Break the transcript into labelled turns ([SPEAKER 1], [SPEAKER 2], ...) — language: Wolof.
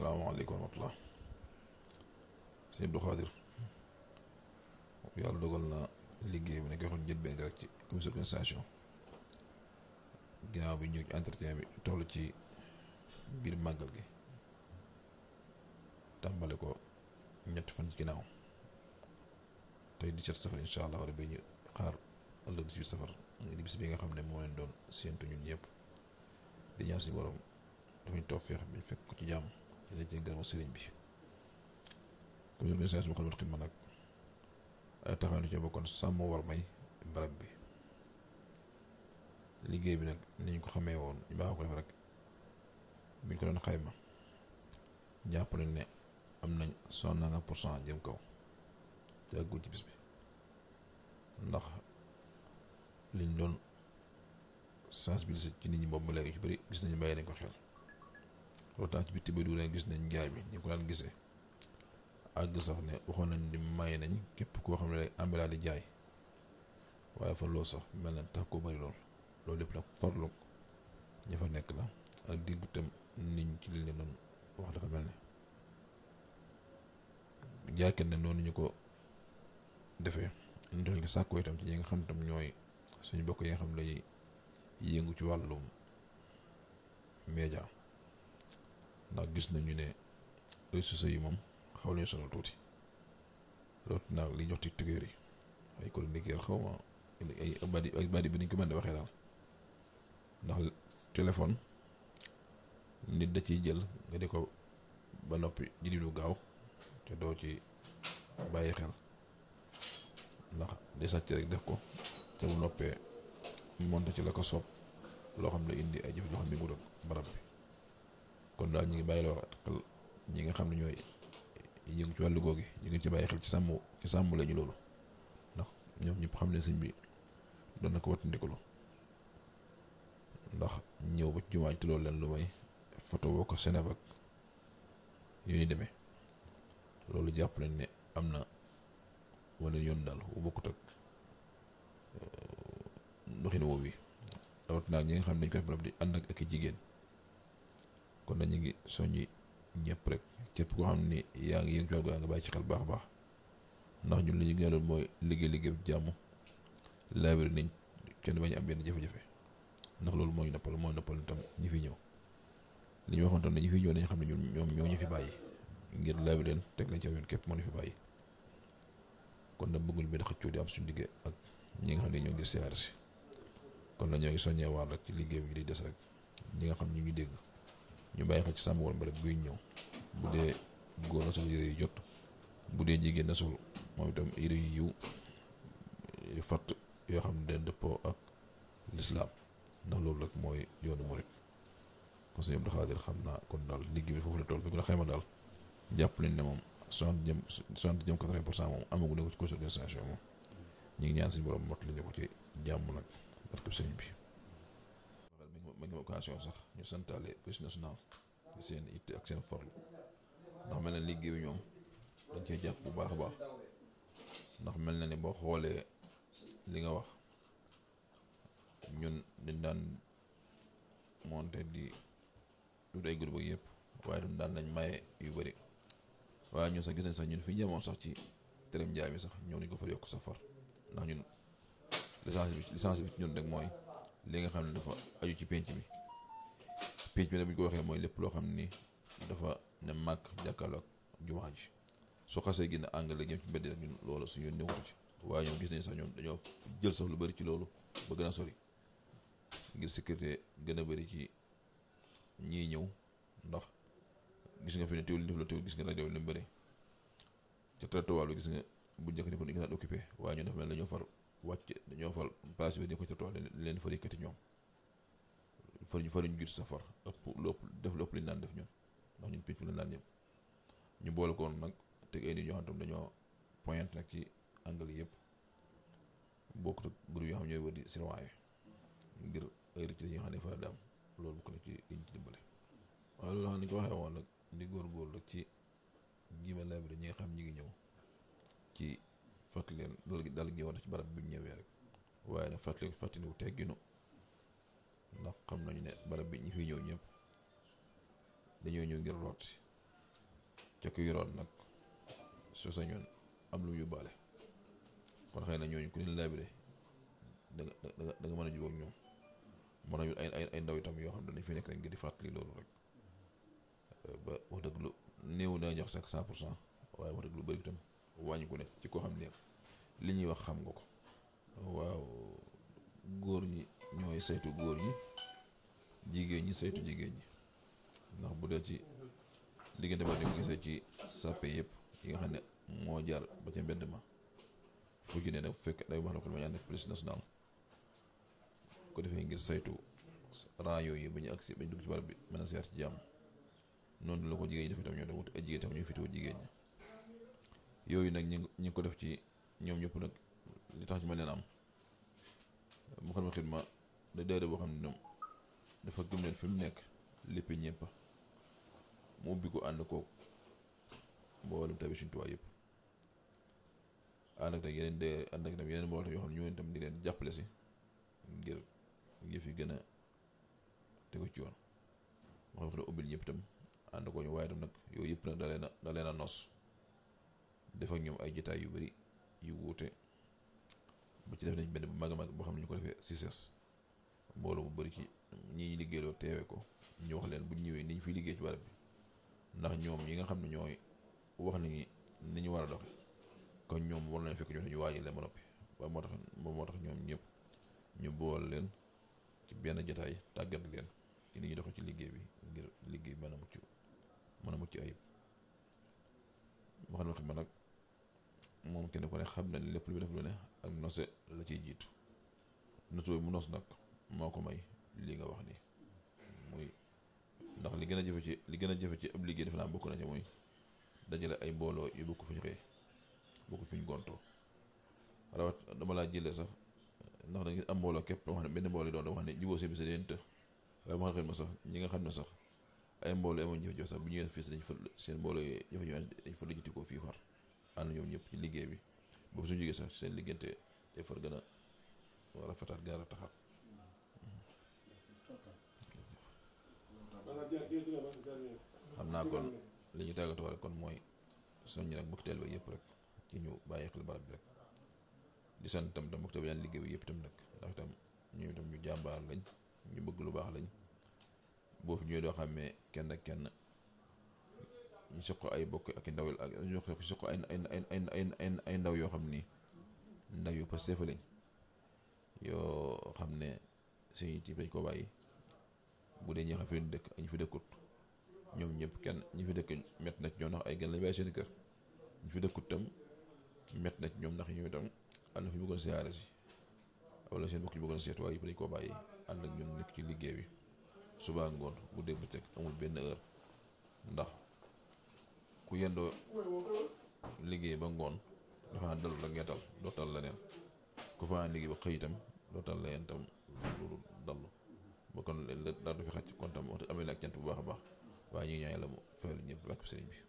[SPEAKER 1] salaamaaleykum wa la sëñ Abdou Khadir yàlla dogal na liggéey bi nekk waxoon jël benn rek ci commission d'organisation ginnaaw bi ñëw ci entretien bi toll ci biir màggal gi tàmbale ko ñetti fan ci ginnaaw tey di cat safar incha allah wala ba ñu xaar ëllëg di ci safar di bis bi nga xam ne moo leen doon séentu ñun ñëpp di ñaan si borom dafa ñu toog feex bi fekk ko ci jàmm. dina ci ngërëmu sëriñ bi ku jël message bu xamul xidma nag ay taxaw ci bokkoon sàmm war may barab bi liggéey bi nag ni ñu ko xamee woon ñu baax ko def rek bi ñu ko doon xayma jàpp nañ ne am nañ soixante nanga pour cent jëm kaw te àggul ci bis bi ndax liñ doon sensibiliser ci nit ñi boobu léegi ci bëri gis nañu bàyyi nañ ko xel pourtant ci bitti ba du gis nañ gaay bi ñu ko daan gisee àgg sax ne waxoon nañ di may nañ képp koo xam ne rek ambila di jaay waaye fa loo sax mel na tax ko bari lool loolu lépp nag farlu ña fa nekk la ak déggu tam niñ ci li wax dafa mel ne jaaykat ne noonu ñu ko defee ñu doon ko sàkkoo itam ci ñi nga xam tam ñooy suñu bokk yi nga xam lay yëngu ci wàllum média ndax gis nañu ne réseaux yi moom xaw nañu solo tuuti loolu nag li jox tiktokeur yi ay chroniqueur xaw ma ay badi bi nañ ko mën di waxee daal ndax téléphone nit da ciy jël nga di ko ba noppi ji lu gaaw te doo ci bàyyi xel ndax di sàcc rek def ko te bu noppee monte ci la ko soob loo xam ne indi ay jëf joo xam ne mu barab bi kon daal ñu ngi bàyyi la wax xel ñi nga xam ne ñooy yëngu ci wàllu googu ñu ngi ci bàyyi xel ci sàmm ci sàmm lañu loolu ndax ñoom ñëpp xam ne sëñ bi doon na ko wattandikuloo ndax ñëw ba jumaa te loolu leen lu may photo boo ko seneb ak yu ni loolu jàpp nañ ne am na wala yoon daal bu bokkut ak ndoxin euh, woowu yi rawatina ak ñi nga xam dañ koy faral ak ak jigéen kon nag ñu ngi soññi ñëpp rek képp koo xam ni yaa ngi yëngu ci wàllu nga bàyyi ci xel baax baax ndax ñun li ñu gënaloon mooy liggéey liggéey bi jàmm laabir nañ kenn bañ am benn jafe-jafe ndax loolu mooy ñu noppal moo noppal itam ñi fi ñëw li ñu waxoon tam fi ñëw nañ xam ne ñun ñoom ñoo ñu fi bàyyi ngir laabir leen teg lañ ci yoon képp moo ni fi bàyyi kon nag bëgguñ benn xëccoo di am suñu liggéey ak ñi nga xam ne ñoo ngi siyaar si kon na ñoo ngi soññee waar rek ci liggéey bi di des rek ñi nga xam ñu ngi dégg ñu bàyyi xel ci sàmm wala mbërëb buy ñëw bu dee góor na sol yére yu jot bu dee jigéen na sol moom itam yére yu yiw yu fatt yoo xam ne den dëppoo ak lislaam ndax loolu rek mooy yoonu murit kon sëñ Abdou xam naa kon daal liggéey foofu la tool bi ko la ma daal jàpp leen ne moom soixante jëm soixante jëm quatre-vingt pour cent moom amagu ne ko ci commission d'organisation moom ñu ngi ñaan si borom mot li ñu ko ci jàmm nag parce que bi ma ngi occasion sax ñu santaale police nationale seen itte ak seen farlu ndax mel na liggéey bi ñoom dañ cee jàpp bu baax a baax ndax mel na ni boo xoolee li nga wax ñun dañ daan monte di dut ay groupe yëpp waaye duñ daan nañ maye yu bari waaye ñun sax gis nañ sax ñun fi ñemoon sax ci terem njaay mi sax ñëw nañ ko fa yokk sa ndax ñun licence bi licence bi ci ñun rek mooy li nga xam ne dafa aju ci penc mi penc mi nag bu ñu ko waxee mooy lépp loo xam ni dafa ne màgg jàkkaarloog jumaa ji su xasee gën a àngale jëm ci mbedd nag ñun loolu suñu nekkul ci waaye ñoom gis nañ sax ñoom dañoo jël sax lu bëri ci loolu ba gën a sori ngir sécurité gën a bari ci ñii ñëw ndax gis nga fi ne teewul li def la teewul gis nga li mu bëri ca gis nga bu njëkk ni ko ni gën a occupé waaye ñun dafa mel ne ñoo far wàcc dañoo fal place bi ne ko ca tool leen fa yëkkati ñoom faruñ faruñ ngir safar ëpp lu ëpp def lu ëpp li naan def ñun ndax ñun picc la naan ñëpp ñu boole koon nag te ay nit ñoo xam tam dañoo pointe nag ci angle yëpp bokkut ak groupe yoo xam ñooy wër di sirwaaye ngir ay rëcc yi nga xam ne fa daam loolu bokk na ci liñ ci dimbale waaye loolu xam ni ko waxee woon nag di góorgóorlu rek ci jiima labiré ñi nga xam fàttali leen dal gi dal gi woon ci barab bi ñu ñëwee rek waaye nag fàttali fàttali wu tegginu ndax xam nañu ne barab bi ñu fi ñëw ñëpp dañoo ñëw ngir rooti ca ku yoroon nag su sañoon am lu yóbbaale kon xëy na ñooñu ku leen laabire da nga da mën a jubóog ñoom mën nañu ay ay ay ndaw itam yoo xam ne dañu fi nekk rek ngir di fàttali loolu rek ba wax dëgg lu néew daa jox sax cent pour cent waaye wax dëgg lu bëri itam. wàññi ku ne ci koo xam ne li ñuy wax xam nga ko waaw góor ñi ñooy saytu góor ñi jigéen ñi saytu jigéen ñi ndax bu dee ci diggante ba dem gisee ci sàppe yëpp yi nga xam ne moo jaar ba ca mbedd ma fu ci ne daf fekk day wax na ko ma ñaan def police nationale ko defee ngir saytu raayo yi ba ñu agsi ba ñu dugg ci barab bi mën a ci jàmm noonu la ko jigéen ñi dafay tam ñoo def wut ay jigéen tam ñuy fitoo jigéen ñi yooyu nag ñi ngi ko def ci ñoom ñëpp nag li tax ñu ma leen am mu xam xidma da daayira boo xam ne ñoom dafa gëm leen fi mu nekk lépp ñëpp mu ubbi ko ànd koog mboolu tamit suñu tuwaay yëpp ànd ak tam yeneen de ànd ak tam yeneen mbooloo yoo xam ne ñu leen tam di leen jàppale si ngir yëf yi gën a te ko ci yoon moo xam ne ubbil ñëpp tam ànd ko ñu waaye tam nag yooyu yëpp nag da leen a da noos def ak ñoom ay jotaay yu bari yu wuute bu ci def nañ benn bu mag a mag boo xam ne ñu ko defee CICES mbooloo bu bari ci ñi ñu liggéeyloo teewe ko ñu wax leen bu ñëwee ni ñu fiy liggéey ci barab bi ndax ñoom yi nga xam ne ñooy wax ni ni ñu war a doxe kon ñoom war nañ fekk ñu waajal leen ma noppi ba moo tax moom moo tax ñoom ñëpp ñu bool leen ci benn jotaay tàggat leen ci li ñu doxe ci liggéey bi ngir liggéey mën a mucc mën a mucc ayib wax na wax ma moom kenn ku ne xam na ni lépp lu def lu ne ak nose la ciy jiitu nosu mu nos nag moo ko may lii nga wax ni muy ndax li gën a jëfe ci li gën a jëfe ci ab liggéey def naa bokk na ci muy dajale ay mbooloo yu bokk fuñ xëy bokk fuñ gontoo rawat dama laa jëlee sax ndax da nga am mbooloo képp doo xam ne benn mbooloo doon da wax ne juboo seen bis leen të waaye ma xëy ma sax ñi nga xam ne sax ay mbooloo amoon jafe-jafe sax bu ñëwee fii dañ fa seen mbooloo yi jafe-jafe dañ fa la far ànd ñoom ñëpp ci liggéey bi boobu su jógee sax seen liggéeyante day gën a rafetaat gën a taxaat xam naa kon li ñu tàggatoo rek kon mooy soññ rek mbokk bi yëpp rek ci ñu bàyyi xel barab bi rek di sant tam tam mbokk taalibe bi liggéey bi yëpp tam nag ndax tam ñu tam ñu jàmbaar lañ ñu bëgg lu baax lañ boo fi ñëwee doo xam kenn ak kenn ñu ko ay bokk ak ndaw ak ñu seq ay ay ay ay ay ndaw yoo xam ni ndaw yu Pastef lañ yoo xam ne suñu ci dañ ko bàyyi bu dee ñi dëkk ñu fi dëkkut ñoom ñëpp kenn ñu fi dëkk mett na ci ñoom ndax ay gën lañ seen kër ñu fi dëkkut tam mett na ci ñoom ndax ñoom itam ànd fi bëggoon siyaare si wala seen mbokk yi seet waaye yëpp dañ koo bàyyi ànd nañ ñoom nekk ci liggéey bi suba ngoon bu dee bëccëg amul benn heure ndax ku yendoo liggéey ba ngoon dafa dal la ngeetal doo tal la neen ku faa liggéey ba xëy itam doo tal la neen itam loolu dallu ba kon daal du fi xaj kon tam amee la ak cant bu baax baax waaye ñu ñaan yàlla mu fayal ñëpp ak sëriñ bi